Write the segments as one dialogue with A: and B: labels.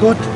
A: good.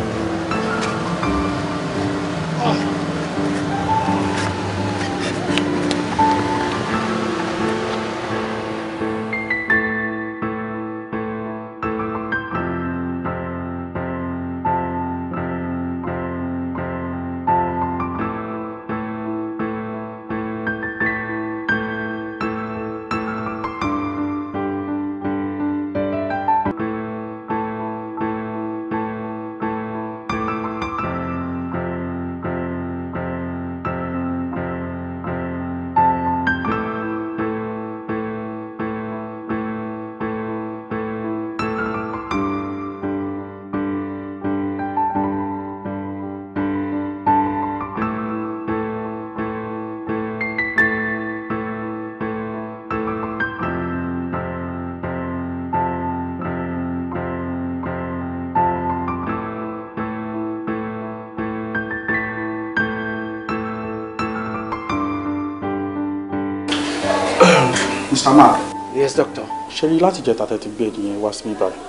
B: ṣe rí láti jẹ́ tàtẹ́ ti gbé ẹni yẹn wá sí mi báyìí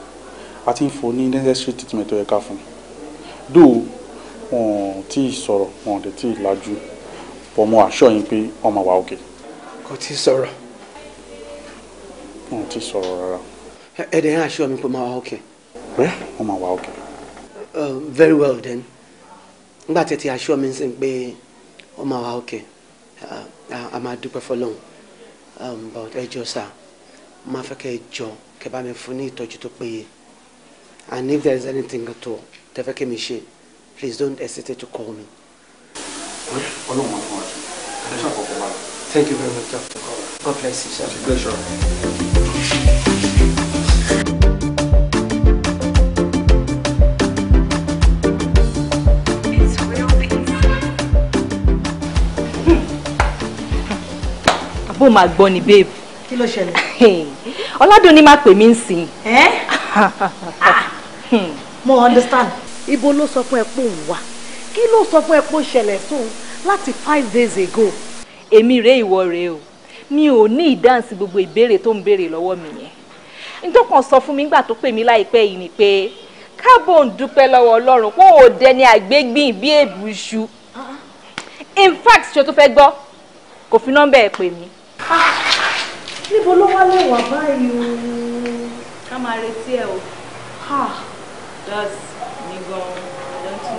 B: àti ń fún ní necessary treatment tó yẹ ká fún un dò wọn tí ì sọ̀rọ̀ wọn dẹ̀ tí ì lajú pọ̀ mọ́ àṣọ yín pé ọmọ wa òkè. kò tí ì sọ̀rọ̀. wọn ò tí ì sọ̀rọ̀ rárá.
A: ẹ̀ẹ́dẹ̀ yẹn àṣọ mi pé ọmọ wa òkè.
B: ẹ ọmọ wa òkè.
A: very well then nígbà tí ẹ ti àṣọ mi sìn pé ọmọ wa òkè a máa dúpẹ́ fọlọ́hún um, but ẹ jọ sáà máa fẹ́ kẹ́ ẹ jọ̀ọ́ kẹ́ bá mi fún ní ìtọ́jú tó péye and if there is anything at all tẹ́ fẹ́ kẹ́ mi ṣe please don't hesitate to call me.
C: thank you very much doctor god bless you sir. it's a pleasure.
D: Hmm. bó máa gbọ́ ni babe kí ló ṣẹlẹ̀. ọládùn ni máa pè mí ń sìn. Ah, hmm, mo understand. ibo ló sọ fún ẹ pé òun wà kí ló sọ fún ẹ pé ó láti five days ago. èmi rèé ìwọ rèé o mi ò ní ìdáǹsì gbogbo ìbéèrè tó ń béèrè lọ́wọ́ mi yẹn ntọ́kàn sọ fún mi nígbà tó pè mí láìpẹ́ yìí ni pé káàbọ̀ ń dúpẹ́ lọ́wọ́ ọlọ́run pé ò dẹni àgbégbìn bí èbù iṣu
A: ah, ah.
D: in fact ṣe tó fẹ́ gbọ́ kò fi nọ́mbà ẹ̀ pè mí níbo ló wá lẹ́wà báyìí o. ká máa retí ẹ o. ha that's gan-an ọ̀dọ́ tí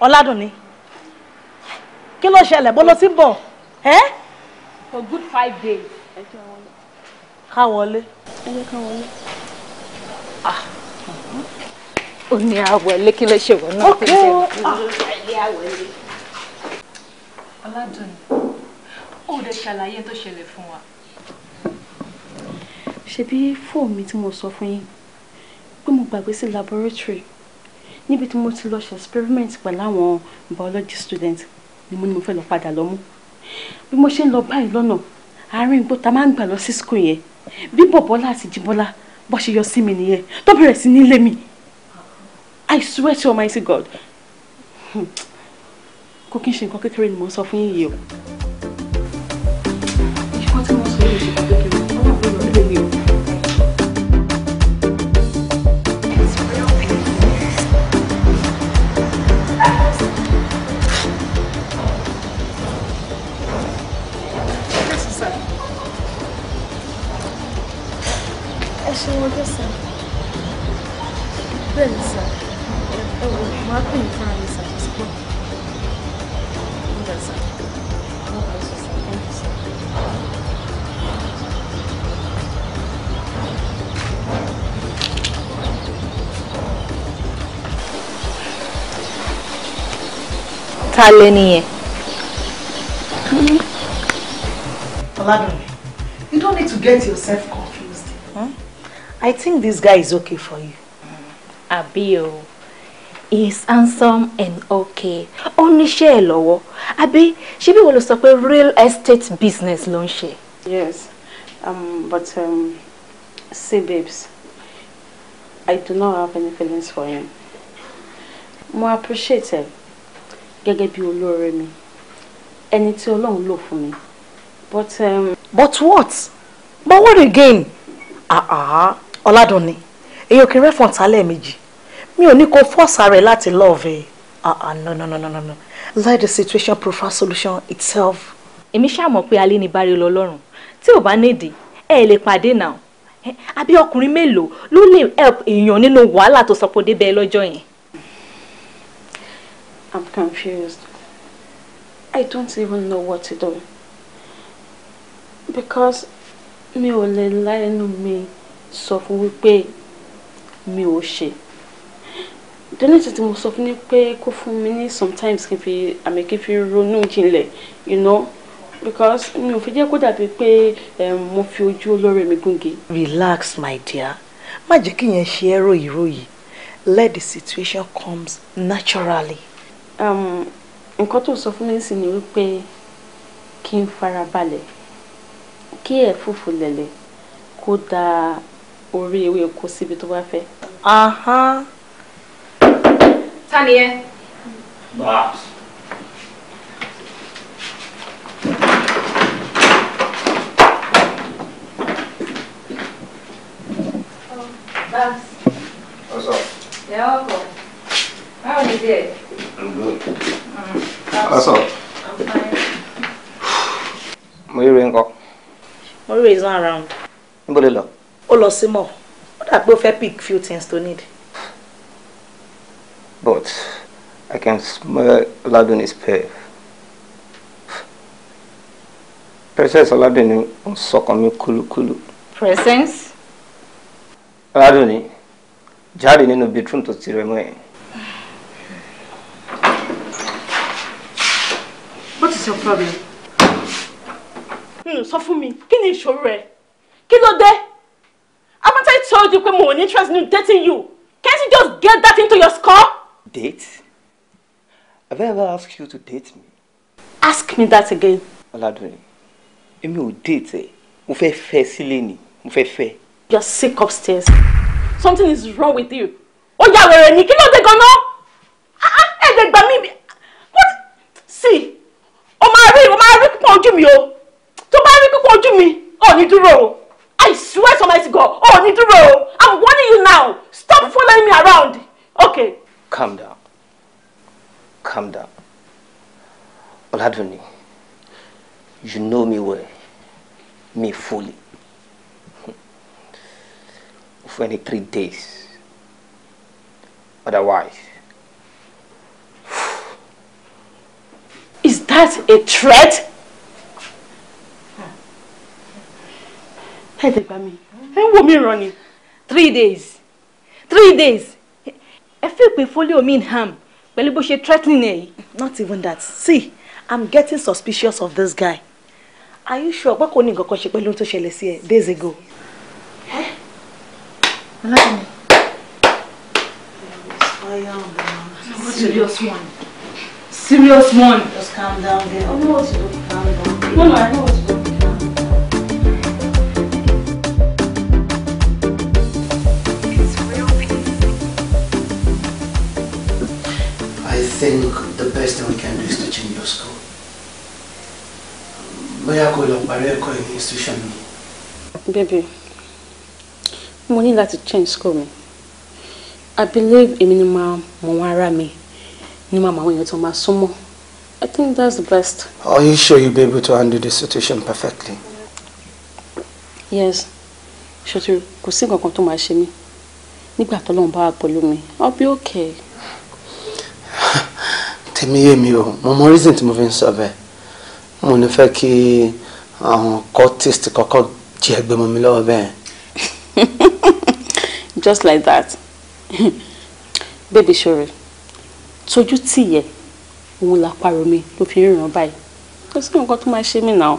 D: wọ́n dùn mí o. kí ló ṣẹlẹ̀ bó ló ti ń bọ̀ ẹ́. for good five days. ká wọlé. ẹ jẹ́ ká wọlé. ah ó ní àwẹ̀lé kí ló ṣe wọ́n náà tó ṣe ah. àwẹ̀lé. ọ̀làdùn ó dẹ̀ ṣàlàyé tó ṣẹlẹ̀ fún wa. ṣebí fóònù mi tí mo sọ fún yín pé mo gbàgbé sí laboratory níbi tí mo ti lọ ṣe experiment pẹ̀lú àwọn biology student ni mo ní mo fẹ́ lọ padà lọ mú bí mo ṣe ń lọ báyìí lọ́nà àárín igbó ta máa ń gbà lọ sí school yẹn bí bọ̀bọ́lá àti jíbọ́lá bó ṣe yọ sí mi nìyẹn tó bẹ̀rẹ̀ sí ní mi I swear to Almighty God cooking kí cooking ṣe nǹkan kékeré ni you. wá pè ní fúnra mi ṣàtúnṣe Ta lẹni yẹn? Oladunni, hmm? you don't need to get yourself confused. Hmm? I think this guy is okay for you. Hmm. Àbí o is handsome and okay ó níṣẹ́ ẹ̀ lọ́wọ́ àbí ṣé bí wọ́n lè sọ pé real estate business ló ń ṣe. yes um, but um, see babes I do not have any feelings for him mo appreciate ẹ gẹ́gẹ́ bí olóore mi ẹni tí Ọlọ́run lò fún mi but. Um, but what but what again? Ah, ah, ọ̀làdùnni èyí ò kí n rẹ́fọ̀n ta lẹ́ẹ̀mejì mi ò ní kó force ara ẹ láti love ẹ ah ah no no no no no let the situation provide solution itself. èmi ṣàmọ̀ pé alẹ́ ní bari lọ́lọ́run tí ò bá nídìí ẹ lè pàdé náà àbí ọkùnrin mélòó ló lè help èèyàn nínú wàhálà tó sọ pé débẹ̀ lọ́jọ́ yẹn. I'm confused. I don't even know what to do. Because mi ò lè láyé nu mi sọ fún wípé mi ò ṣe donate tí mo sọ fún ni pé kó fún mi ní sometimes kí n fi àmì kí n fi ronú jinlẹ̀ you know because mi ò fi jẹ́ kó dàbí pé ehm, mo fi ojú olóore mi gúnge. relax my dear
A: má jẹ́ kí yẹn ṣe ẹ́ ròyìn ròyìn
D: let the situation comes naturally. Ehm, nǹkan tó sọ fún mi sì ni wípé kí n farabalẹ̀ kí ẹ̀ fùfù lẹ̀lẹ̀ kó da orí ewé oko síbi tó bá fẹ́. Uh-huh. Ta ni ẹ?
C: Bá.
A: What's up? Yeah, welcome. How are you doing?
B: I'm good. Mm, What's up? I'm fine. Where Morire ńkọ́?
D: Where is not around. Where ló lọ? Ó Oh, sí mall. Ó dà pé ó fẹ́ pick few things to need
B: but I can smell Ọládùnní's perf. Princess Ọládùnní ń sọkàn mi kúlúkúlú. Princess? Ọládùnní jáde nínú bedroom tó ti rẹ mọ́ ẹ̀. What is your problem?
D: Hmm, sọ fún me. Can you show me? Can you dé? Haven't I told you pé mo ò interest in dating you? Can't you just get that into your skull?
A: Date? Have I ever asked you to date me? Ask me that again. Ọládùnní, èmi ò date Eh? mo fẹ́ fẹ́
D: sílé ni, mo fẹ́ fẹ́. You sick upstairs. Something is wrong with you. Oh yeah, wèrè ni, kí ló dé gan-an? Ah, ah, Ẹ̀ẹ́dẹ̀ gbà mí. What? See, o máa rí o máa rí pípọ̀ ojú mi o. Tó bá rí pípọ̀ ojú mi, ò ní dúró I swear to my God, Oh, ní dúró o. I'm warning you now. Stop following me around. Okay
A: calm down. Calm down. Oladuni, you know me well, me fully.
B: For any three days. Otherwise.
D: Is that a threat? Hey, tẹ̀ bá mi. Ẹ ń wo mi Three days. Three days ẹ fẹ́ pé folio mean harm pẹ̀lú bó ṣe threatening ẹ̀ yìí. not even that see i'm getting suspicious of this guy are you sure pé kò ní nǹkan kan ṣe pẹ̀lú ohun tó ṣẹlẹ̀ sí ẹ days ago. ọlọ́run serious one serious one. just calm down there. i know what to do calm down. mama i know what to do.
A: think the best thing we can do is to change your school. Bóyá kò lọ parí ẹ̀kọ́ ní institution mi.
D: Baby, mo ní láti change school mi. I believe èmi ni máa mọ ara mi ni máa mọ àwọn èèyàn tó máa súnmọ́. I think that's the best.
A: Are you sure you'll be able to handle the situation perfectly?
D: Yes, ṣòtú kò sí nǹkan kan tó máa ṣe mí nígbà tó lóun bá wà pẹ̀lú mi. I'll be okay
A: tèmi yé mi o mo mọ reason tí mo fi ń sọ bẹ́ẹ̀ mo ní fẹ́ kí àwọn cultist kọ́kọ́ jí ẹgbẹ́ mọ́ mi lọ́wọ́ bẹ́ẹ̀.
D: just like that baby sori tójú tìyẹ òun la pariwo mi ló fi ń ràn báyìí kò sí nǹkan tó máa ṣe mí náà.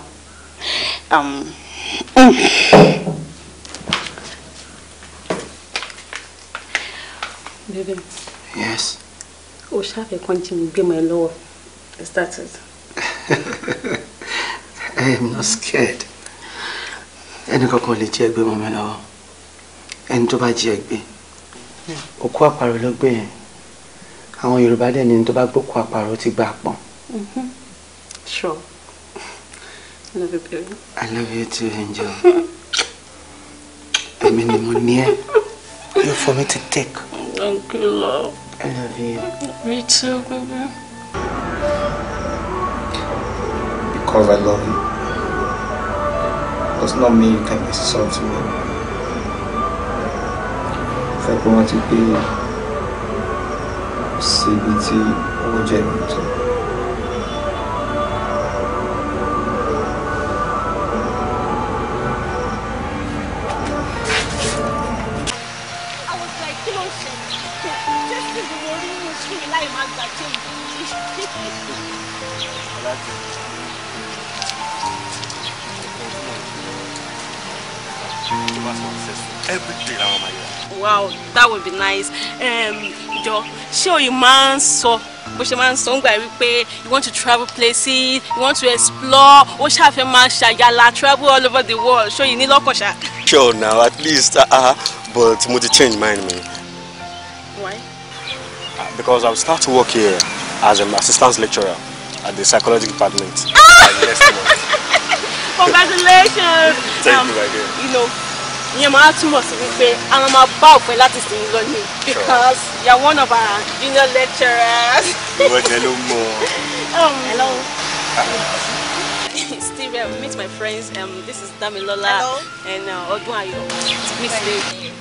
D: Baby. Um, mm. Yes o ṣàfẹ́ kan jí mi gbé mọ́ ẹ lọ́wọ́ I started.
A: I am not scared ẹnì kankan lè jí ẹgbẹ́ mọ́ mi lọ́wọ́ ẹni tó bá jí ẹgbẹ́ òkú àparò ló gbé yẹn àwọn Yorùbá dẹ̀ ní tó bá gbókú àparò ti gbà pọ̀. Mm-hmm. Sure.
D: I love you, baby.
A: I love you too, Angel. Èmi ni mo ní You for me to take.
D: Thank you, love.
B: I love you.
D: Me too, baby.
B: Because I love you does not mean you can insult me. If I want to be, see, be, see, or
D: wow that would be nice um, jọ ṣé òye máa ń sọ bó ṣe máa ń sọ ń gbà wípé you want to travel places you want to explore ó ṣàfẹ́ máa ṣàyàlà travel all over the world ṣó yìí ní lọ́kàn ṣá.
C: sure now at least uh, but mo ti change mind mi because I will start to work here as an assistant lecturer at the psychology department ah!
D: Congratulations! Thank um, you, my dear. You know, ìyẹn máa túmọ̀ sí wípé àwọn máa bá òpin láti sìn lọ ní because you are one of our junior lecturers.
C: ìwọ jẹ ló mọ.
D: Um, hello. Steve, um, meet my friends. Um, this is Damilola hello. and uh, Odun Ayo. Meet Steve.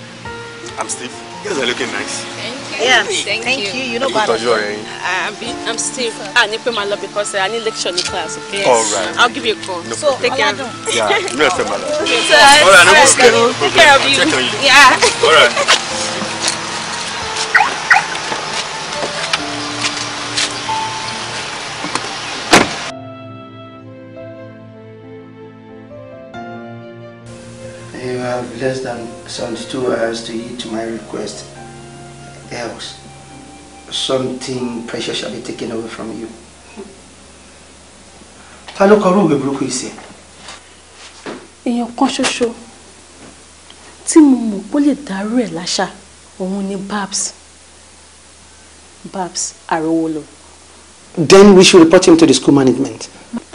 C: I'm Steve. You guys are looking nice.
D: Thank you. Yeah, thank, thank you. you. You know about it. I'm, I'm Steve. I need to pay my love because eh, I need lecture in class, okay? All right. I'll give you a call. No so, take care of you. Yeah, no, my love. All right, no problem. Take care of you. Yeah. All right.
A: less than 72 hours to heed to my request, else something precious shall be taken away from you. Talo ló kọ rúwèé isi. yìí sí?
D: Èèyàn kan ṣoṣo tí mo mọ̀ kó ni Babs. Babs Arowolo.
A: Then we should report him to the school management.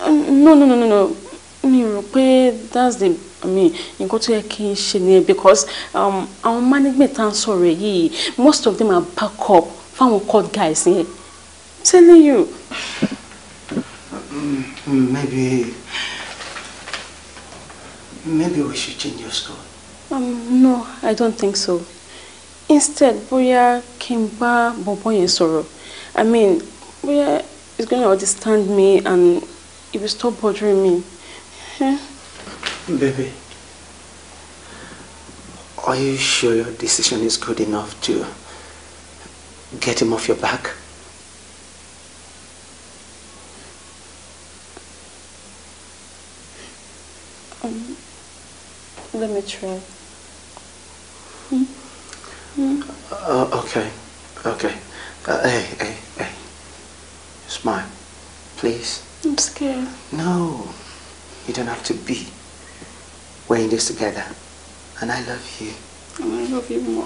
D: no, no, no, no, no mi rò pé that's the i mean nǹkan tó yẹ kí n ṣe nìyẹn because um, àwọn management tá à ń sọ̀rọ̀ yìí most of them are back up fáwọn court guys yẹn telling you.
A: Mm, mm, maybe maybe we should change your story.
D: Um, no, I don't think so. Instead, bóyá kí n bá bọ̀bọ̀ yẹn sọ̀rọ̀. I mean, bóyá he's gonna understand me and he will stop bothering me. Hmm?
A: Baby, are you sure your decision is good enough to get him off your back?
D: Um, let me try. Hmm? Hmm?
A: Uh, okay, okay. Uh, hey, hey, hey. Smile, please.
D: I'm scared.
A: No. You don't have to be. We're in this together. And I love you. And I love you more.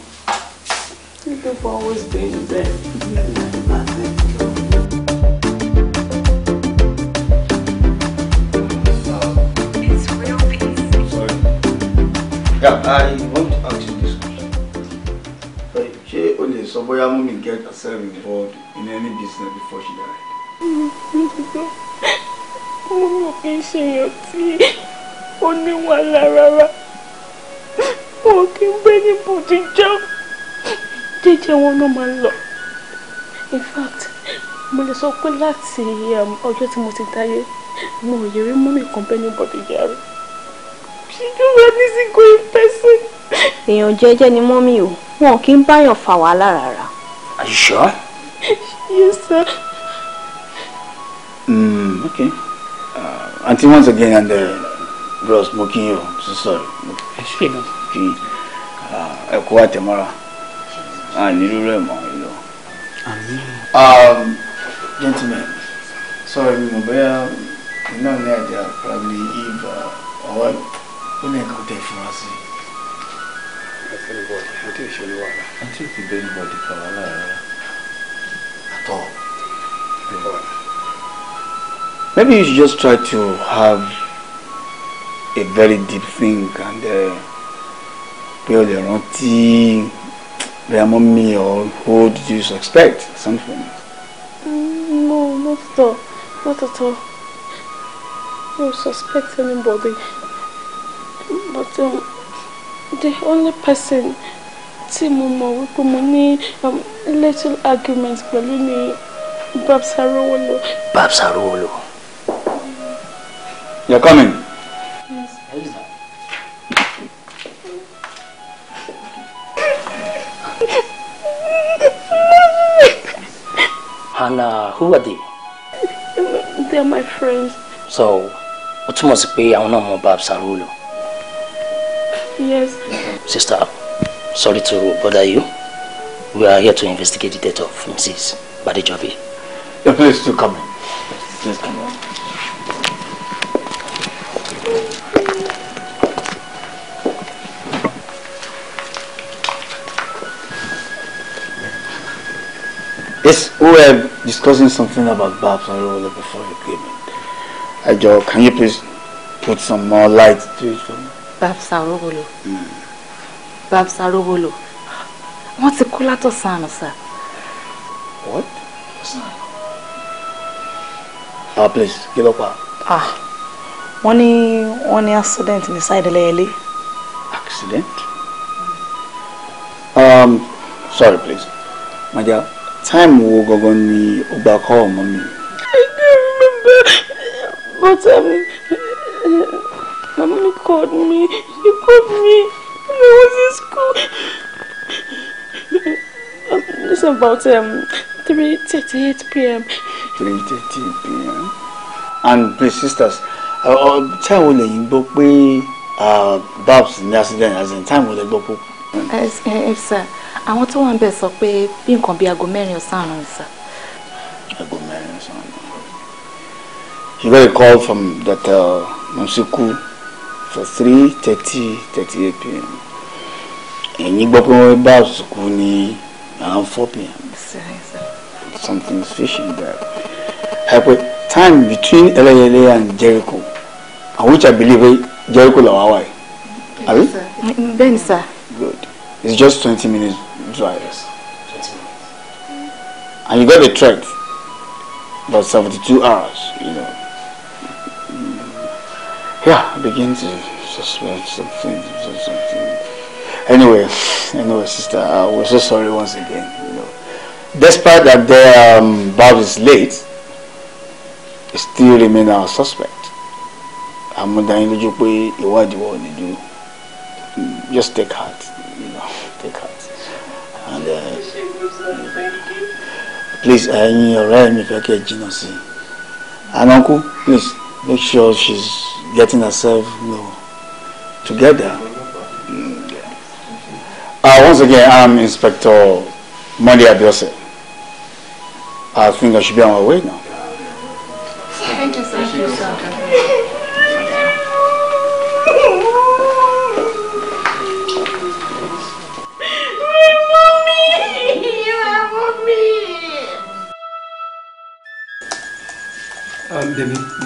A: Thank you for always being there. Thank you.
B: Yeah, I want to ask you this question. Ṣé o lè sọ mummy get herself involved in any business before she died?
A: Mm-hmm. mo
D: mọ̀ kí n ṣe èèyàn tí ó níwà lára wọn kì í gbé ní bòdìjọ́ jíjẹ wọn náà máa ń lọ in fact mo lè sọ pé láti um, ọjọ́ tí mo ti dáyé mo ò yẹ rí mú mi kàn bẹ́ẹ̀ ní bòdìjọ́ rẹ̀ she do any single person. èèyàn jẹ́jẹ́ ni mọ́mí o wọn kì í báyàn fà wàhálà rárá. Are you sure? Yes, sir.
B: Mm, okay. Auntie, once again, and the bros, mo kí yín o, so sorry. Ṣé lọ? Kí ẹ kó àtẹ̀mọ́ra. A nílò rẹ̀ mọ́ ìlọ. Gentlemen, sorry mi mo bẹ́yà iná ní àjà probably if ọwọ́ ó ní ẹ̀kọ́ tẹ̀ fún wa sí. Àti ìṣòro wà lára. Àti ìbẹ́ni bọ̀dì kàwá
C: lára. Àtọ̀. Bẹ́ẹ̀ wà lára.
B: Maybe you should just try to have a very deep think and uh, pé your lè rántí bẹ́ẹ̀ mọ́ mi or who did you suspect something.
D: No, not at all. Not at all. I don't suspect anybody. But um, the only person tí mo mọ̀ wípé mo ní um, little argument pẹ̀lú ni Babs Arowolo.
B: Babs Arowolo. You're coming. Yes.
A: Hannah, who are they?
D: They are my friends.
A: So, what túmọ̀ sí pé àwọn náà mọ Bab Sarulo. Yes. Sister, sorry to bother you. We are here to investigate the death of Mrs. Badejobi. You're please to come in.
B: Please come in. Yes, we were discussing something about Babs and Roller before you came in. Ajo, can you please put some more light to it for me?
D: Babs Arowolo. Mm. Babs Arowolo. Wọ́n ti kú látọ̀sán sir.
B: What? Ah, please, give up. Ah,
D: ah wọ́n ní wọ́n ní accident ní side Ẹlẹ́yẹlé.
B: Accident? Um, sorry, please. My dear, time wo gangan ni o gba call ọmọ mi. I don't remember
D: but um, uh, mommy called me she called me when I was in school. Um, it's about um, 3.38 p.m.
B: 3.38 p.m. And please sisters, uh, uh time wo lẹ́yìn gbọ́ pé uh, Babs ní accident as in time wo lẹ́yìn gbọ́ pé.
D: Yes, sir àwọn tó wà ń bẹ̀ sọ pé bí nǹkan bíi aago mẹ́rin ọ̀sán àrùn ìsà.
B: aago mẹ́rin ọ̀sán àrùn. She got a call from Dr. Musiku for three thirty thirty eight pm. ẹ̀yin gbọ́ pé wọ́n bá àsìkò ní around four pm. something fishing there. ẹ time between ẹlẹ́yẹlẹ́ and Jericho and which I believe Jericho làwọn wà yìí. bẹ́ẹ̀ ni sir. good it's just twenty minutes drivers. 20 And you got the track about 72 hours, you know. Yeah, I begin to suspect something, something. Anyway, anyway, sister, uh, we're so sorry once again, you know. Despite that the um, Bob is late, still remains our suspect. I'm not dying to do just take heart. please ẹ̀yin ọ̀rẹ́ mi fẹ́ kẹ́ jìnnà sí i and uncle please make sure she's getting herself you know, together. Mm. Uh, once again I'm Inspector Monday Abiose. I think I should be on my way now.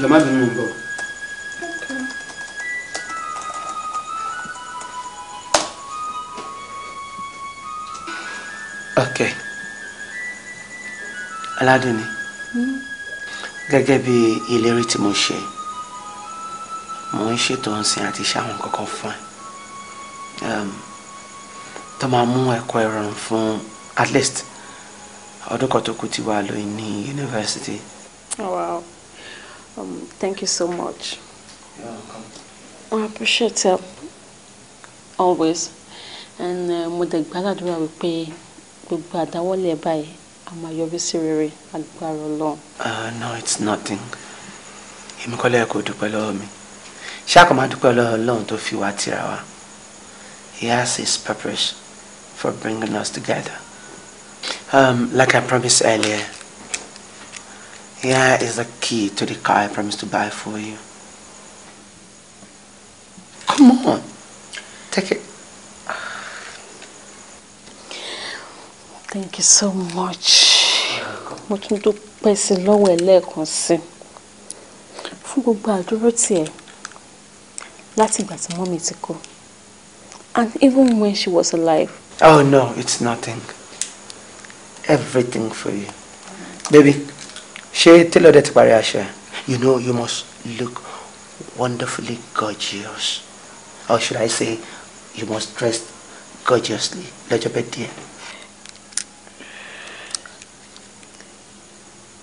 A: má bínú ń ok aládùnni hmm. gẹ́gẹ́ bí ìlérí tí mo ṣe mo ń ṣètò ọ̀sìn àti ṣàwọn kankan fún ẹ ehm, tó máa mú ẹ̀kọ́ ìrọ̀rùn fún at least ọdún kan tó kù tí wàá lóyún
B: Oh, wow.
D: Um, thank you so much. You're welcome. I appreciate help always. And uh, mo dẹ̀ gbàdúrà wípé gbogbo àdáwọ́lẹ̀ báyìí a máa yọrí sí rere agbára Ọlọ́run.
A: Uh, no, it's nothing. Èmi kọ́ lẹ́yìn kò dúpẹ́ lọ́wọ́ mi. Ṣé àkọ́ máa dúpẹ́ lọ́wọ́ Ọlọ́run tó fi wá tìra wa? He has his purpose for bringing us together. Um, like I promised earlier. Here is the key to the car I promised to buy for you. Come on.
D: Take it. Thank you so much. Mo tún dúpẹ́ sí lọ́wọ́ ẹ lẹ́ẹ̀kan sí fún gbogbo àdúró tiẹ̀ láti ìgbà tí mommy ti kú and even when she was alive.
A: Oh no, it's nothing. Everything for you. Baby ṣé tailor dẹ̀ ti parí aṣọ ẹ̀ you know you must look wonderfully gorgeous or should I say you must dress gorgeously lọ́jọ́ bẹ́ẹ̀ díẹ̀.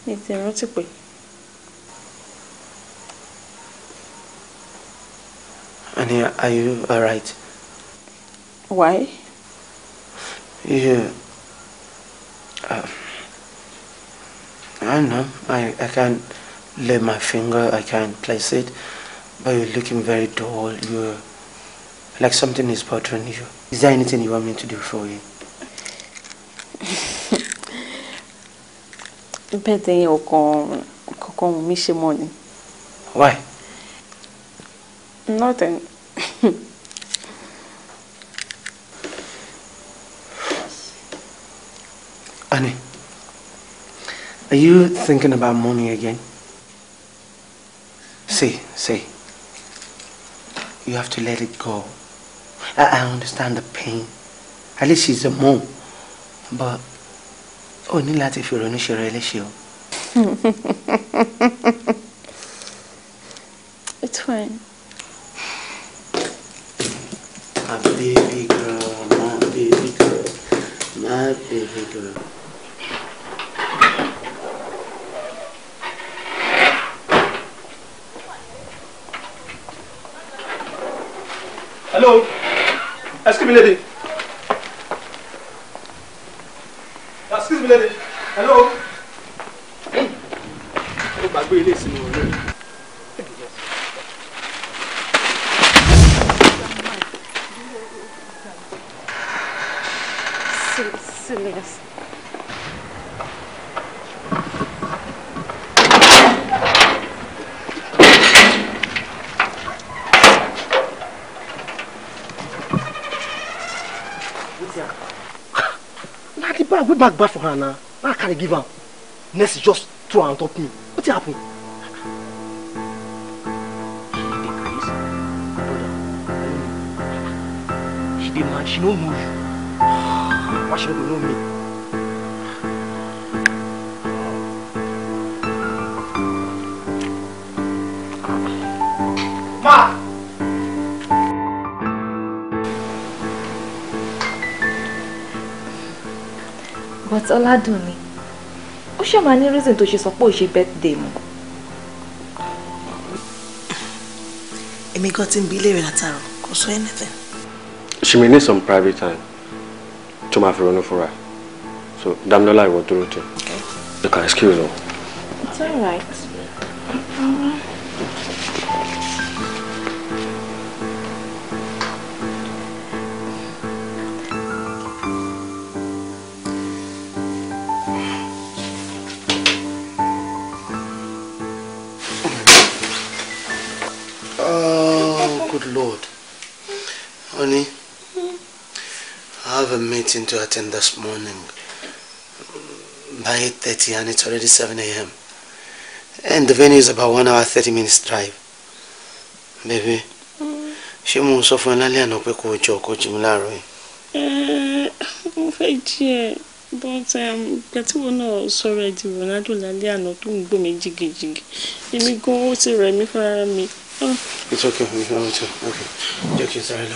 D: mi ti rántí pé.
A: Ania, are you all right? Why? Yeah. Uh, I don't know. I, I can't lay my finger. I can't place it. But you're looking very dull. You're like something is bothering you. Is there anything you want me to do for you?
D: Why? Nothing.
A: Annie. Are you thinking about money again? See, see. You have to let it go. I, I understand the pain. At least she's a mom. But only oh, ní if you're only really léṣe
D: It's fine. My baby girl, my baby girl, my baby girl.
C: Excuse me, lady. Excuse me, lady. Hello. put back bad for her now. Now I can't give her. Next, just throw her on top me. What happened?
A: She dey mad, she don't know you. Why she no know me?
D: It's Ọládùnní. Ó ṣe máa ní reason tó ṣe sọ pé ó ṣe birthday mu. Èmi got ti ń bi léèrè látàrọ, kò sọ anything.
C: She may need some private time tó máa fi ronú fúnra. So Dámilọ́lá ìwọ dúró tì. You can excuse her.
D: It's all right.
A: meeting to attend this morning by 8.30 and it's already 7 a.m. And the venue is about 1 hour 30 minutes drive. Baby, she mo sọ fún ẹ lálẹ́ àná pé kò jọ kò jí mi láàárọ̀ yìí?
D: Eh, mo fẹ́ jí ẹ but um, ìgbà tí wọn náà sọ̀rọ̀ ẹ di Ronaldo lálẹ́ àná tó ń gbọ́ mi jìgìjìgì èmi gan ó ti rẹ̀ mí fúnra
A: It's okay, it's okay, okay. Jẹ́ kí n sáré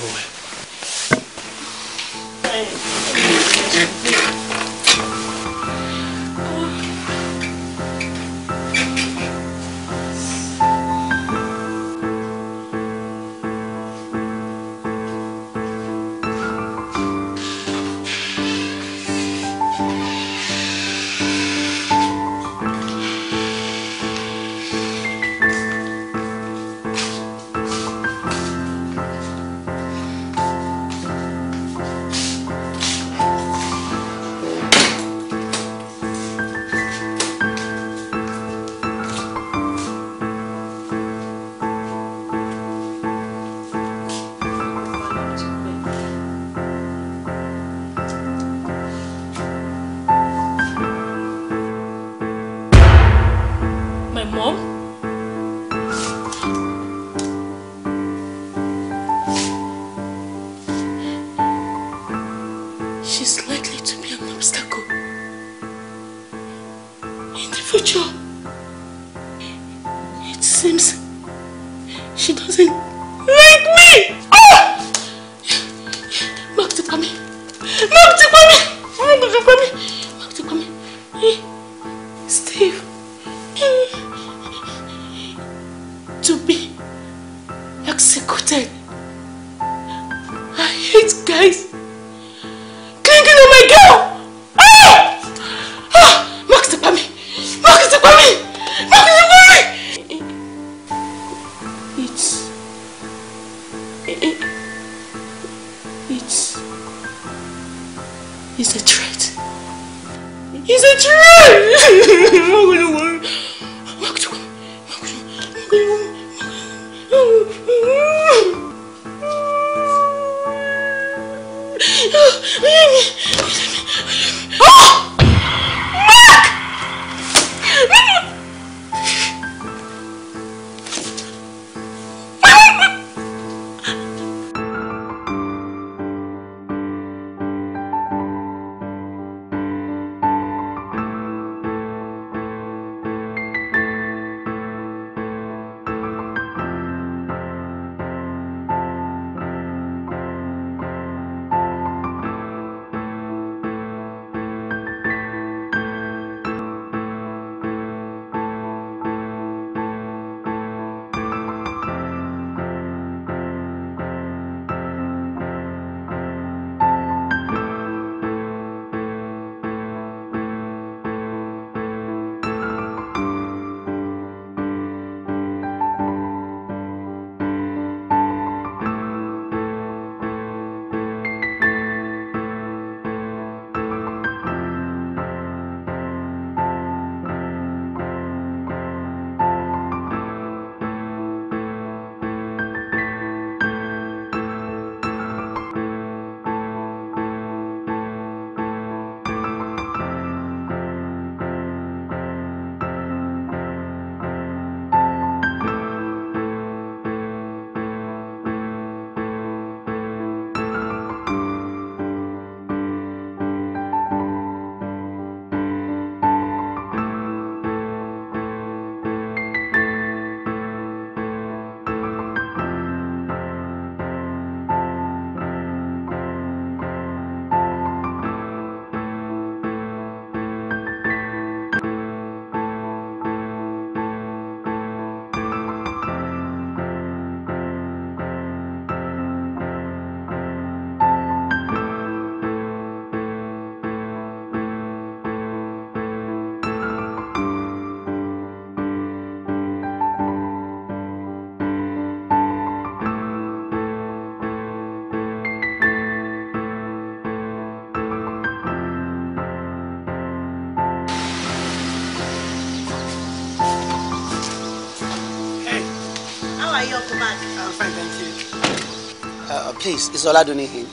A: please is Ọládùnní here.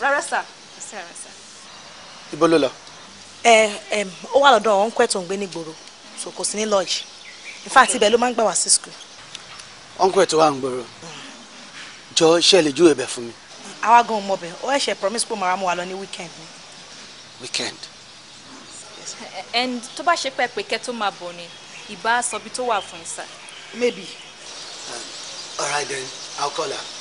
D: rárá sà sà sà. ibo ló lọ. ẹ ẹ ó wà lọ́dọ̀ wọn kọ́ ẹ̀ nígboro so kò sí ní lọ́ọ̀jì in fact ibẹ̀ ló máa ń gbà wá sí
A: school. wọn kọ́ ẹ̀ tó wà ń gbòòrò jọ ṣe lè júwèé bẹ̀ fún mi.
D: àwa gan mọ ó ẹsẹ promise pé màá mú wa lọ ní weekend ni. weekend. and tó bá ṣe pẹ́ pé kẹ́ tó máa bọ̀ ni ìbá sọ bí tó wà fún ìsà. maybe.
A: Um, all right then I'll call her.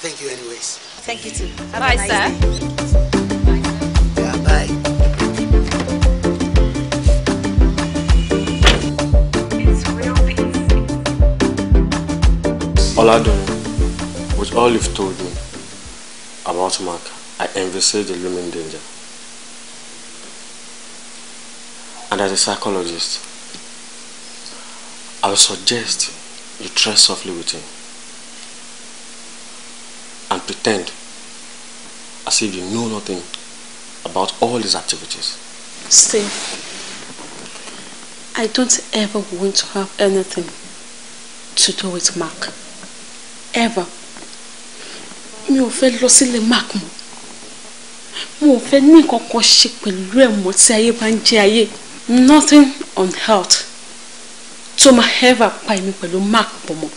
A: Thank you anyways. Thank you too. Have bye, nice sir. Bye. Yeah, bye.
C: Oladun, with all you've told me about Mark, I envisage a looming danger. And as a psychologist, I would suggest you trust softly with him. pretend as if you know nothing about all these activities.
D: Steve, I don't ever want to have anything to do with Mark. Ever. Mi ò fẹ́ lọ sílé Mark mọ́. Mo ò fẹ́ ní nǹkan kan ṣe pẹ̀lú ẹ̀mọ́ tí ayé bá ń jẹ́ ayé. Nothing on earth tó máa ever pa èmi pẹ̀lú Mark pọ̀ mọ́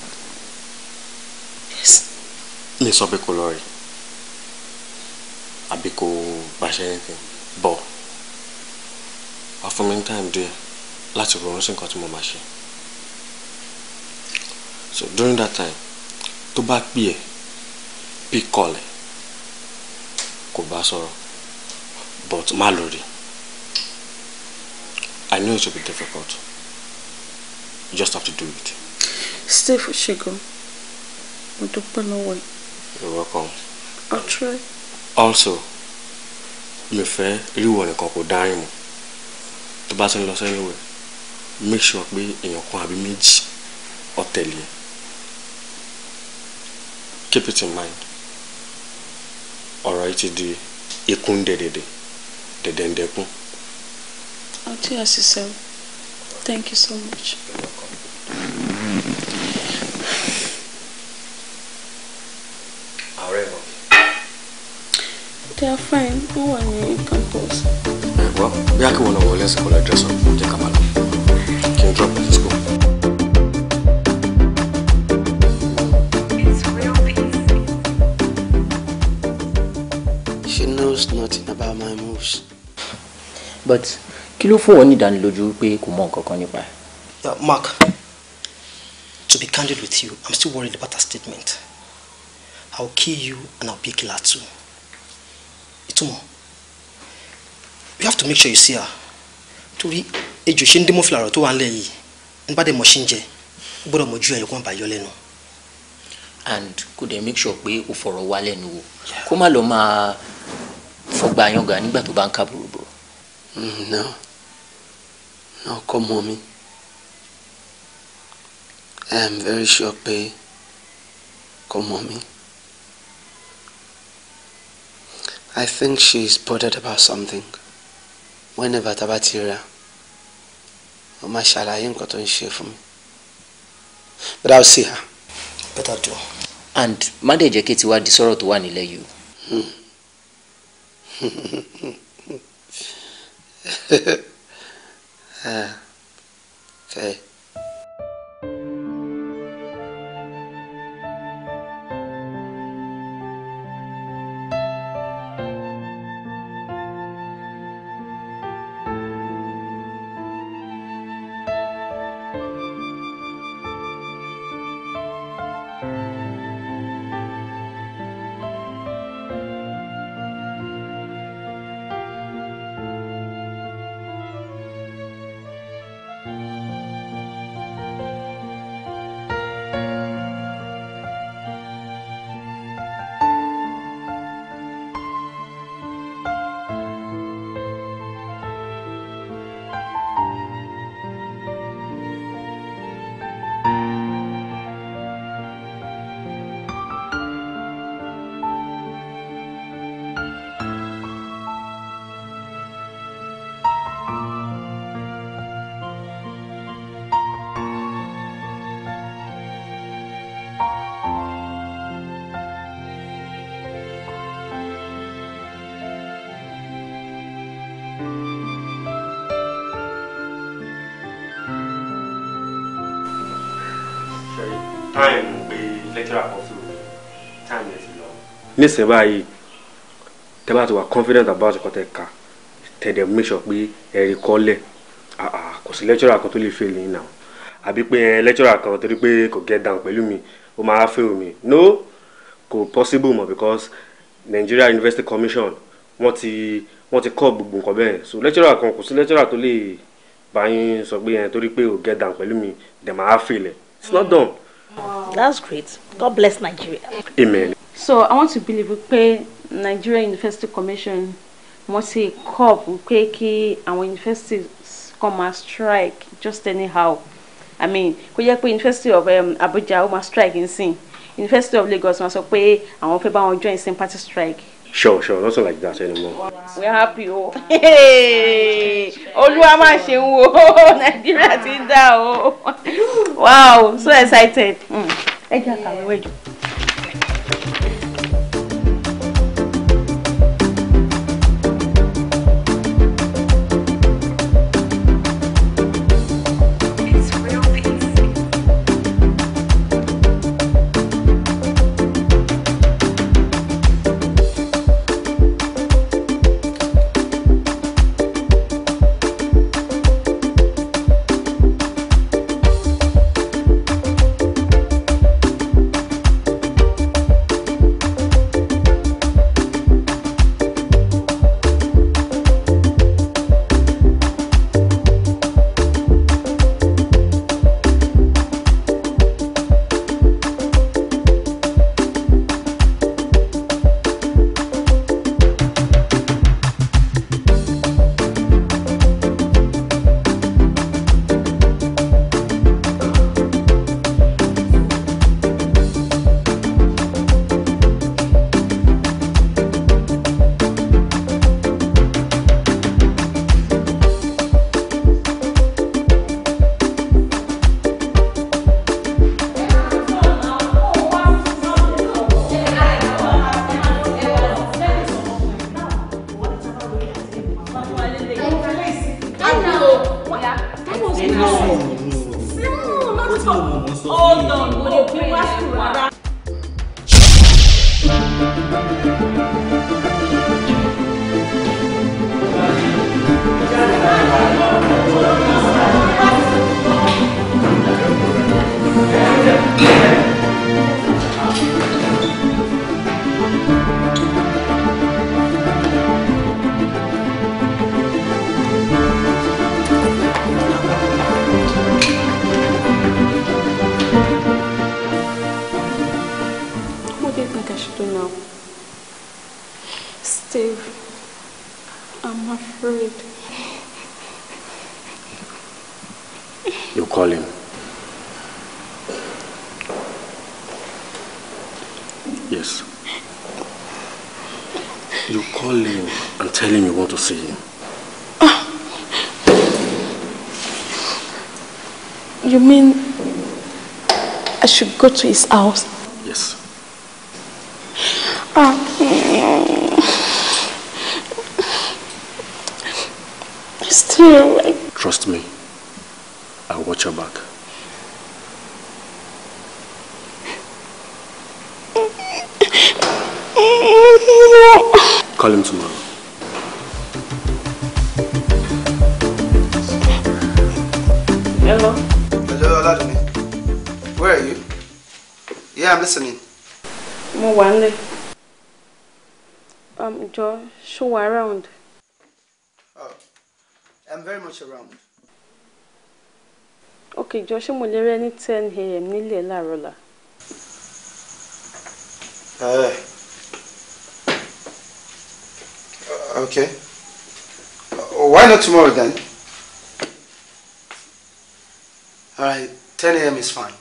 C: lè sọ pé kò lọ rí àbí kò pàṣẹ anything bọ̀ wá fún mi ní time díẹ̀ láti ronú sí so during that time tó bá pè ẹ́ pick call ẹ̀ kò but má lórí I know it will be difficult you just have to do it.
D: Steve Shigo, mo dúpẹ́ lọ́wọ́ yìí. You're welcome. I'll try.
C: Also, mi fẹ́ ríwọ̀ nìkan kò dáhìn mọ́. Tó bá ti ń lọ sẹ́yìn wẹ̀, make sure pé èèyàn kan àbí méjì ó tẹ̀lé. Keep it in mind. Ọ̀rọ̀ yìí ti di ikú ń dẹ̀dẹ̀dẹ̀ dẹ̀dẹ̀ndẹ̀kún.
D: I'll tell you, sister. Thank you so much. You're
C: welcome.
D: they are fine wọ́n wà ní campus. ẹ
C: wá bí akéwọ̀n náà wọlé ẹsẹ̀ kọ́lá dírẹ́sì ọ̀hún jẹ́ ká máa drop let's go.
A: she knows nothing about my moves. but kí ló fún wọn ní ìdánilójú pé kò Mark to be candid with you I'm still worried about her statement I'll kill you and I'll be a killer too ìtumọ̀ you have to make sure you see her torí ejò ṣe ń dé mọ́fìlà ọ̀rọ̀ tó wà ń lẹ̀ yìí nígbà dé mọ̀ ṣe ń jẹ gbọ́dọ̀ mọ̀ ju ẹ̀yìn kan bá lẹ́nu. and kò dé make sure pé o fọ̀rọ̀ wá lẹ́nu wò kó má lọ máa fọgbà yangàn nígbà tó bá ń ká bòròbòrò. Mm, no no kọ́ mọ́ mi I am very sure pé kọ́ mọ́ mi. I think she is bothered about something. Whenever tá a bá ti rí i, ó máa ṣàlàyé nǹkan tó ń But I'll see her. Better do. And Monday, dẹ̀ you are tiwa di sọ̀rọ̀ tó wà nílẹ̀ yìí o. Okay. Hmm. Eh,
C: nísìnyí báyìí tẹ́ bá ti wà confident about ọkọ tẹ́ ka tẹ́ dẹ̀ make sure pé ẹ̀rí kọ́lẹ̀ ah, ah, kò sí lecturer kan tó lè fail yín náà àbí pé eh, lecturer kan torí pé kò get down pẹ̀lú mi ó máa fail mi no kò possible mọ́ because Nigeria University Commission wọ́n ti wọ́n ti kọ́ gbogbo nǹkan bẹ́ẹ̀ so lecturer kan kò sí lecturer tó lè bá sọ pé yẹn eh, torí pé ò get down pẹ̀lú mi dẹ̀ máa fail ẹ̀ it's not done.
D: that's great God bless Nigeria. amen so i want to believe pé Nigeria University Commission wọ́n ti cop pé kí àwọn universities come and strike just anyhow i mean kó jẹ́ pé University of um, Abuja ó máa strike nsìn University of Lagos máa sọ pé àwọn fẹ́ bá wọn join sympathy strike.
C: Sure, sure, nothing like that anymore. Wow.
D: We're happy, oh. Hey, Olúwa má ṣe ń wo Nigeria ti ń dá o. Oh. Wow, so excited. Mm. Ẹ jẹ́ àkàwé wẹ̀jọ̀. go to his house Yeah, I'm listening. Mo wà Um, Joe, show around.
A: Oh, I'm very much around.
D: Okay, jọ ṣé mo lè rẹ ní ten a.m. nílé láàárọ̀ la.
B: Uh, eh.
A: okay. Uh, why not tomorrow then? All right, 10 a.m. is fine.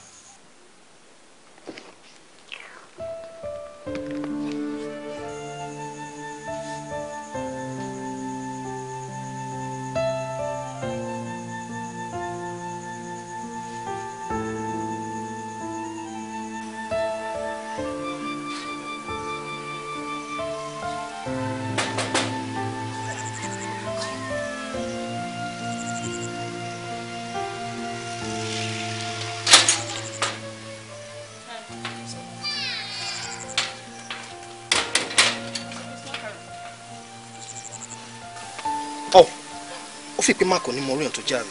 A: pé Mark ò ní mọ oríyàn tó jẹ́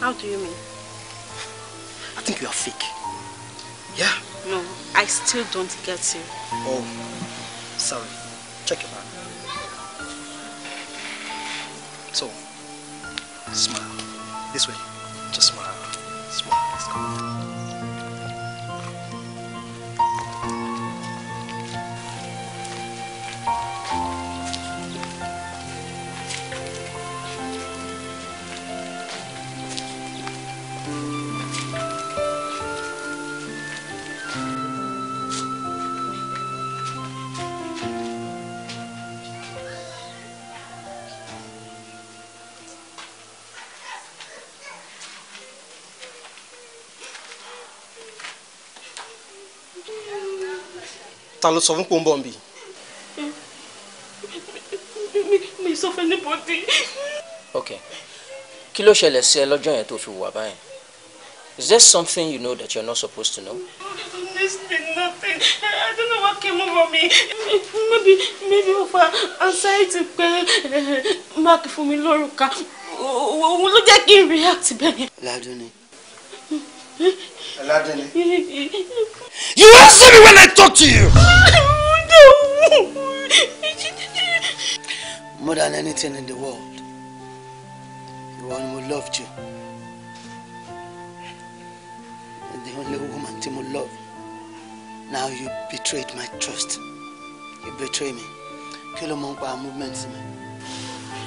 A: How do you mean? I think you are fake.
D: Yeah. No, I still don't get you.
A: Oh, sorry. Check it out.
E: So, smile. This way.
C: ta ló sọ fún pò ń bọ̀ ń bì.
D: mi sọ fún anybody.
C: ok kí ló ṣẹlẹ̀ sí ẹ lọ́jọ́ yẹn tó fi wà báyìí
A: is there something you know that you're not supposed to know.
D: This honestly nothing i don't know what came over me maybe maybe ó anxiety pé eh, mark fún mi Loruka. òun ló jẹ́ kí n react bẹ́ẹ̀. ládùn ni. Hmm?
A: ládùn hmm? You answer me when I talk to you. no. More than anything in the world, the one who loved you. And the only woman Timo loved. Now you betrayed my trust. You betrayed me. Kill ló mọ̀ pa movement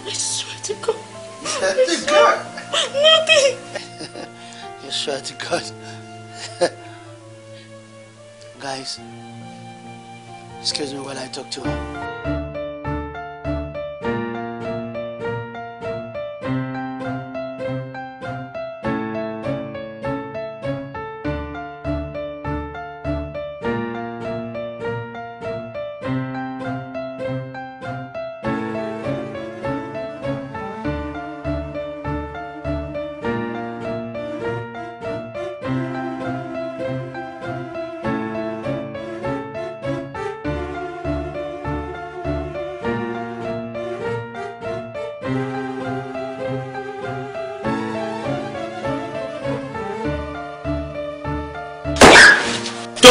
A: I swear to God. I swear to God. Nothing. you swear to God. Guys, excuse me while I talk to her.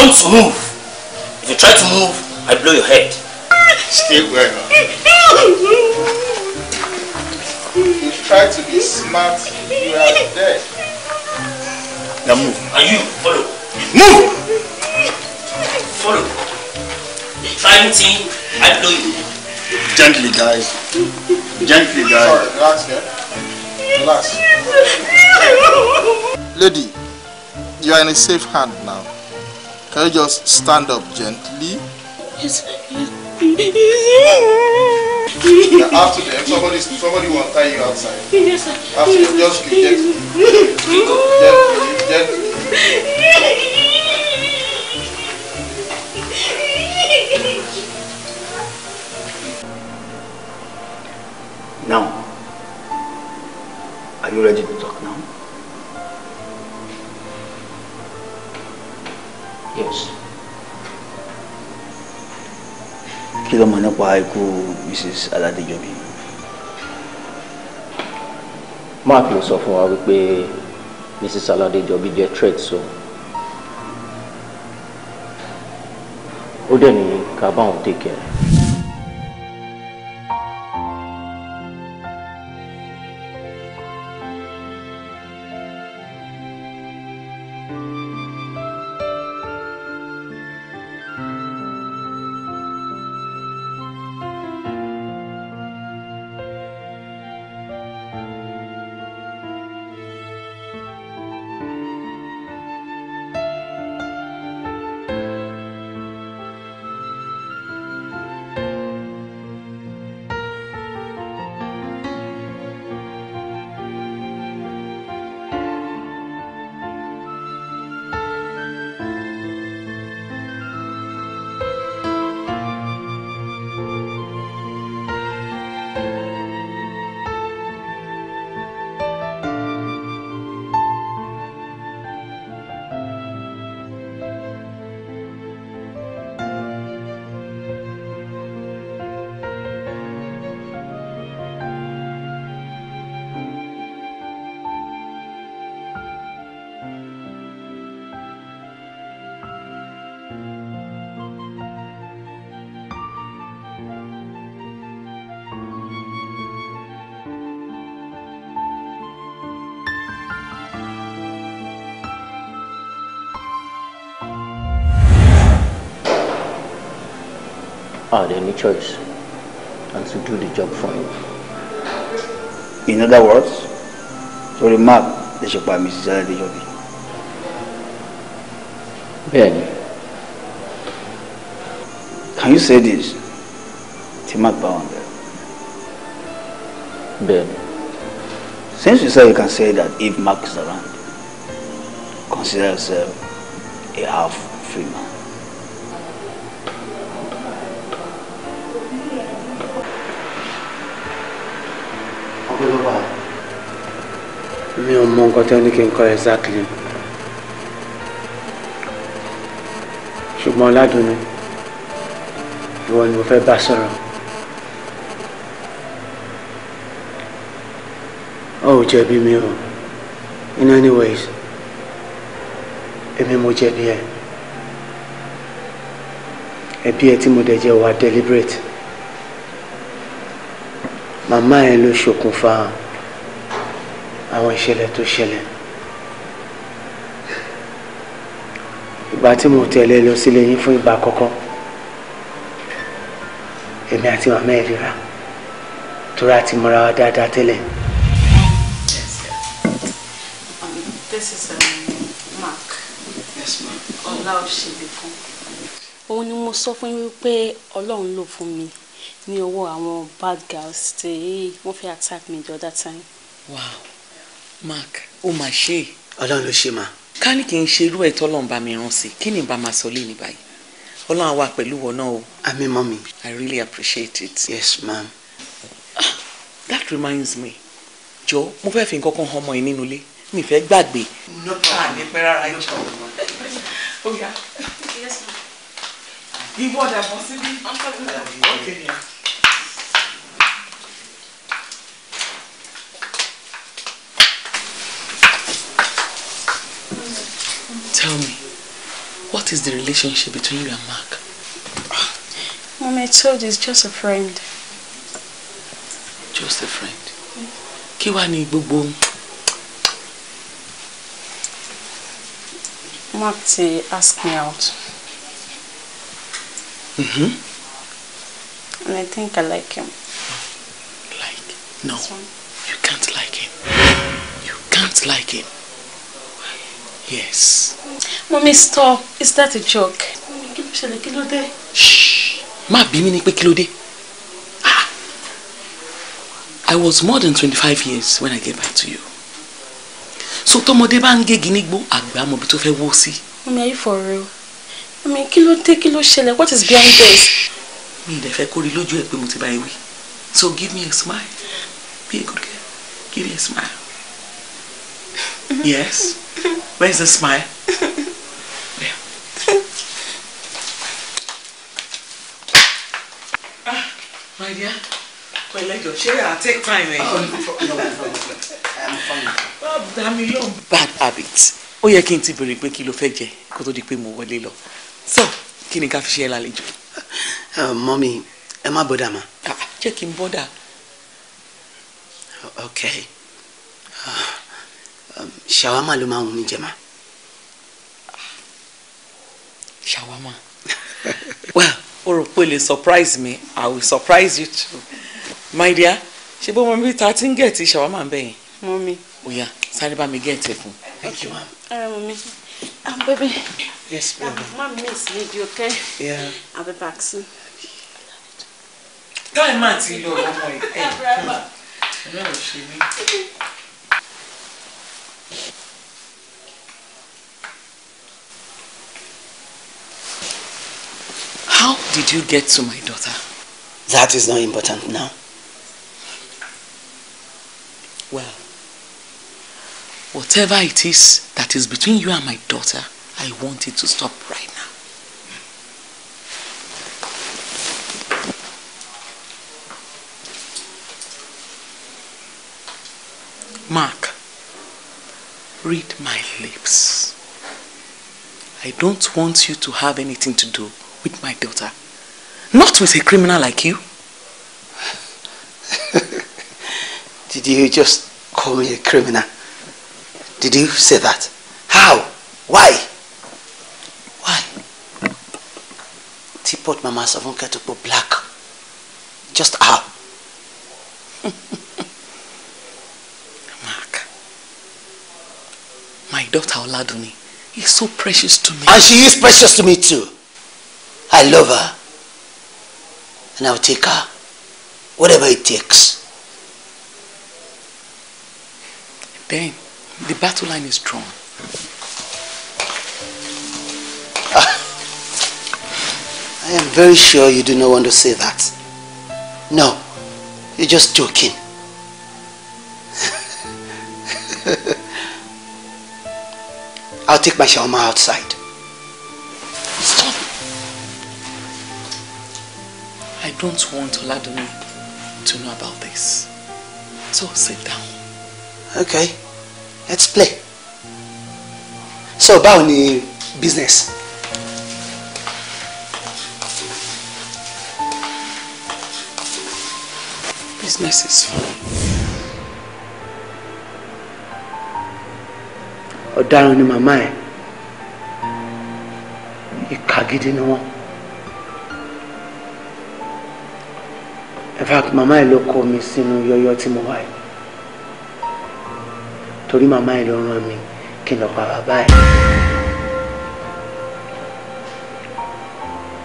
B: want to move. If you try to move, I blow your head. Stay where you If you try to be smart, you are dead. Now move. And you, follow. Move! Follow. If I anything, I blow you. Gently, guys. Gently, guys.
C: Sorry, relax, Relax.
B: Lady, you are in a safe hand now. Can you just stand up gently? Yes. yeah, after them, somebody somebody will tie you outside. Yes, sir. After them, just be gently. Gently, gently. Now, are you ready? nípa ikú Mrs. Aládéjọbí Mark ló sọ fún wa wípé Mrs. Aládéjọbí jẹ́
A: threat so ó dẹ̀ ní ká báwọn take care.
B: Ah, had any choice than to do the job for him. In other words, sorry Mark, they should buy Mrs. the job. Bẹ́ẹ̀ni. Can you say this? Tí Mark bá wọn bẹ̀rẹ̀. Since you said you can say that if Mark is around, consider yourself a half
A: mi ò mọ nǹkan tí wọ́n ní kí n kọ exactly ṣùgbọ́n ládùnú ìwọ ni mo fẹ́ bá sọ̀rọ̀ ọ ò jẹ̀bi mi o in any ways èmi mo jẹ̀bi ẹ ẹ̀bi ẹ tí mo dẹ̀ jẹ́ wà deliberate màmá ẹ ló ṣokùnfà àwọn ìṣẹ̀lẹ̀ tó ṣẹlẹ̀ ìgbà tí mo tẹ̀lé lọ sílé yín fún ìgbà àkọ́kọ́ èmi àti màmá ẹ̀ ríra torí àti mọ́ra wa dáadáa tẹ́lẹ̀. This is um,
D: Mark. Yes, ma'am. Ọlá Òṣèlèkùn. Òun ni mo sọ fún yín wípé Ọlọ́run lò fún mi ní ọwọ́ àwọn bad girls tí wọ́n fẹ́ attack me the other time.
A: Wow. Mark ó mà ṣe é. ọlọ́run ló ṣe mà.
E: ká ní kí n ṣe irú ẹ̀ tọ́lọ́run bá mi rán sí kí ni bá máa sọ lé báyìí ọlọ́run á wà wọn náà o. àmín mọ́mi. I really appreciate it. yes ma'am. Ah, that reminds me jọ mo fẹ́ fi nǹkan kan hàn ọmọ yìí nínú ilé mi fẹ́ gbàgbé. no problem ah, pẹ́ rárá ìjọ. ìwọ dàbọ̀ síbí. ok. Tell me, what is the relationship between you and Mark?
D: Mommy I told you, it's just a friend.
E: Just a friend? Kí boom boom.
D: Mark ti ask me out. Mm-hmm. And I think I like him.
A: Like? No,
D: you can't like him.
E: You can't like him. Yes.
D: Mommy, stop. Is that a joke? Shh!
E: ma, be mi ní pé Ah! I was more than twenty-five years when I get back to you. So tọmọdé bá ń gégi nígbó àgbà mọ̀bí
D: Mommy, are you for real? I mean, kí ló What is behind this?
E: Me, the dẹ̀ fẹ́ kórè lójú ẹ̀ pé So give me a smile. Be a good girl. Give me a smile. Yes. Where's the smile? There. Ah, my dear. Well, like your chair. I'll take time. Eh? Oh, no, no, no, no. I'm fine. Oh, damn you. Bad habits. Oh yeah, can't n ti béèrè pé kí lo fẹ́ jẹ kó tó di pé mo wọlé So, kí ni ká fi ṣe ẹ lálejò?
A: Uh, Mọ́mí, ẹ má bọ́dà mà.
E: Check him, n
A: Okay. Uh ṣàwámà ló máa ń ní jẹ ma. ṣàwámà well o rò
E: pé lè surprise me i will surprise you too my dear ṣe bó mo bí ta ti ń gẹ̀ẹ́tì ṣàwámà ń bẹ̀yìn. mọ mi. oya sáré bá mi gẹ̀ẹ́tì fún. thank you ma.
D: ara mọ mi ah baby. yes baby. ma miss need you okay. yeah. i'll be back soon.
E: táì máa ti lọ ọmọ ẹ ẹ náà ṣe mí. did you
A: get to my daughter? That is not important now.
E: Well, whatever it is that is between you and my daughter, I want it to stop right now. Mark, read my lips. I don't want you to have anything to do with my daughter. Not with a criminal like you.
A: Did you just call me a criminal? Did you say that? How? Why? Why? Teapot Mama Savunke to go black. Just how?
E: Mark. My daughter Oladuni is so precious to me.
A: And she is precious to me too. I love her and I'll take her, whatever it takes. Ben, the battle line is drawn. I am very sure you do not want to say that. No, you're just joking. I'll take my shawarma outside.
E: don't want Oladunni to know about this. So
A: sit down. Okay, let's play. So, about the business? Business is fine. ọ̀daràn ni màmá ẹ̀ ìkà gidi ni wọ́n. fact màmá ẹ̀ ló kọ mi sínú yọyọ tí mo wà yìí torí màmá ẹ̀ ló rán mi kí n lọ pa bàbá ẹ̀.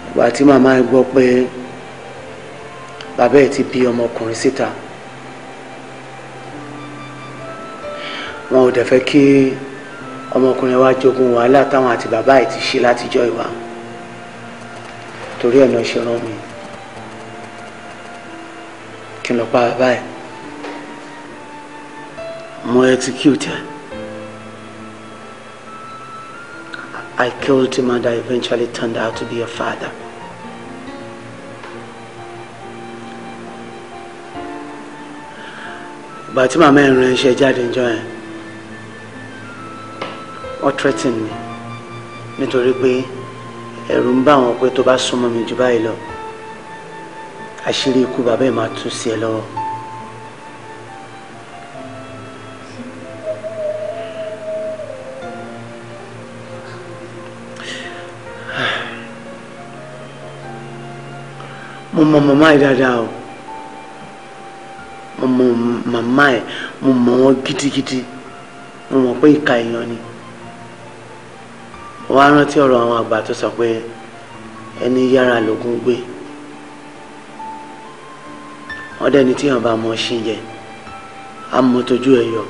A: ìgbà tí màmá ẹ̀ gbọ́ pé bàbá ẹ̀ ti bí ọmọkùnrin síta wọn ò dẹ̀ fẹ́ kí ọmọkùnrin wa jogún wàhálà táwọn àti bàbá ẹ̀ ti ṣe látijọ́ ìwà torí ẹ̀ náà ṣe rán mi kí n lọ pa mo execute I killed him and I eventually turned out to be a father. ìgbà tí màmá ẹ̀ rìn iṣẹ́ jáde níjọ́ yẹn wọ́n threaten mi nítorí pé ẹ̀rù ń bà wọ́n pé tó bá súnmọ́ mi jù báyìí lọ àṣírí ikú bàbá ẹ̀ máa tú sí ẹ lọ́wọ́. mo mọ màmá ẹ dáadáa o mo mọ màmá ẹ mo mọ wọn gidigidi mo mọ pé ìka èèyàn ni wọn á rántí ọ̀rọ̀ àwọn àgbà tó sọ pé ẹni yára lògùn gbé wọ́n dẹ́ni tí wọ́n bá mọ ṣí yẹ á mọ tójú ẹ yọ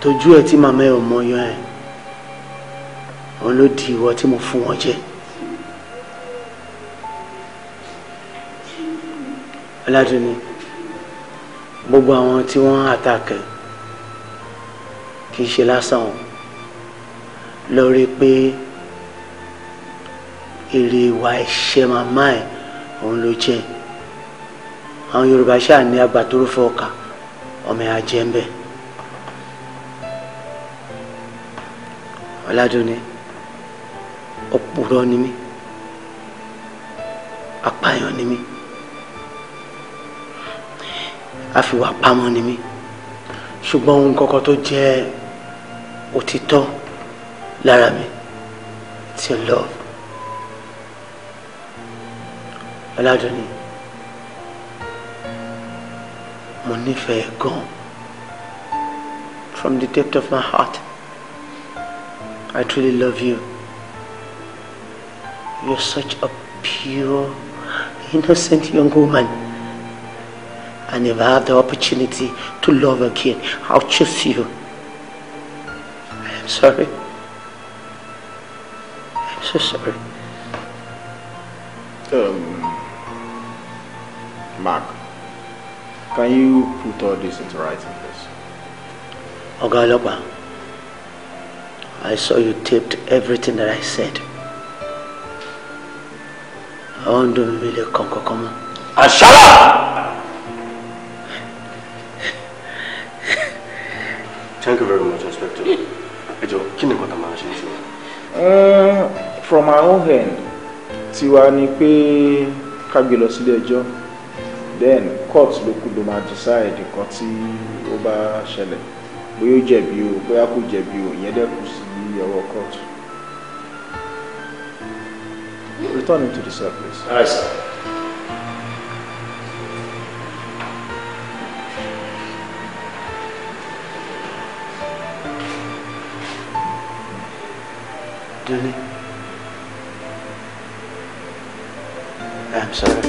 A: tójú ẹ tí màmá ẹ mọ yọ ẹ òun ló di ìwọ tí mo fún wọn jẹ ọládùnní gbogbo àwọn tí wọ́n àtàkẹ́ kì í ṣe lásán o lọ rí i pé èrè ìwà ẹ̀ṣẹ̀ màmá ẹ̀ òun ló jẹ́ àwọn Yorùbá ṣáà ní agbàtóró fọkà ọmọ ẹ̀ ajẹ́ ń bẹ̀. Ọ̀làdúnni òpùrọ̀ ni mí apààyàn ni mí àfiwà pamọ́ ni mí ṣùgbọ́n ohun kọ́kọ́ tó jẹ́ òtítọ́ lára mi ti lọ Ọládùnní. Monifa, nífẹ̀ẹ́ from the depth of my heart I truly love you you're such a pure innocent young woman and if I have the opportunity to love again I'll choose you I am sorry I'm so sorry
B: um Mark Can you put all this into writing, please? Ọ̀gá ọlọ́pàá,
A: I saw you taped everything that I said. I ń dùn mí lè kàn kankan mọ́. Àṣàlà!
C: Thank you very much, Inspector. Ẹ jọ̀ọ́, kí ni nǹkan tá ṣe ṣe?
B: Uh, from my own hand, tiwa ni pé ká gbé lọ sílé ẹjọ́ then court ló kù ló máa decide nǹkan tí ó bá ṣẹlẹ̀ bóyá ó jẹ̀bi o bóyá kò jẹ̀bi o ìyẹn dẹ́kun sí ọwọ́ court. Return him to the cell, please. Aye, sir.
A: Dele. I'm sorry.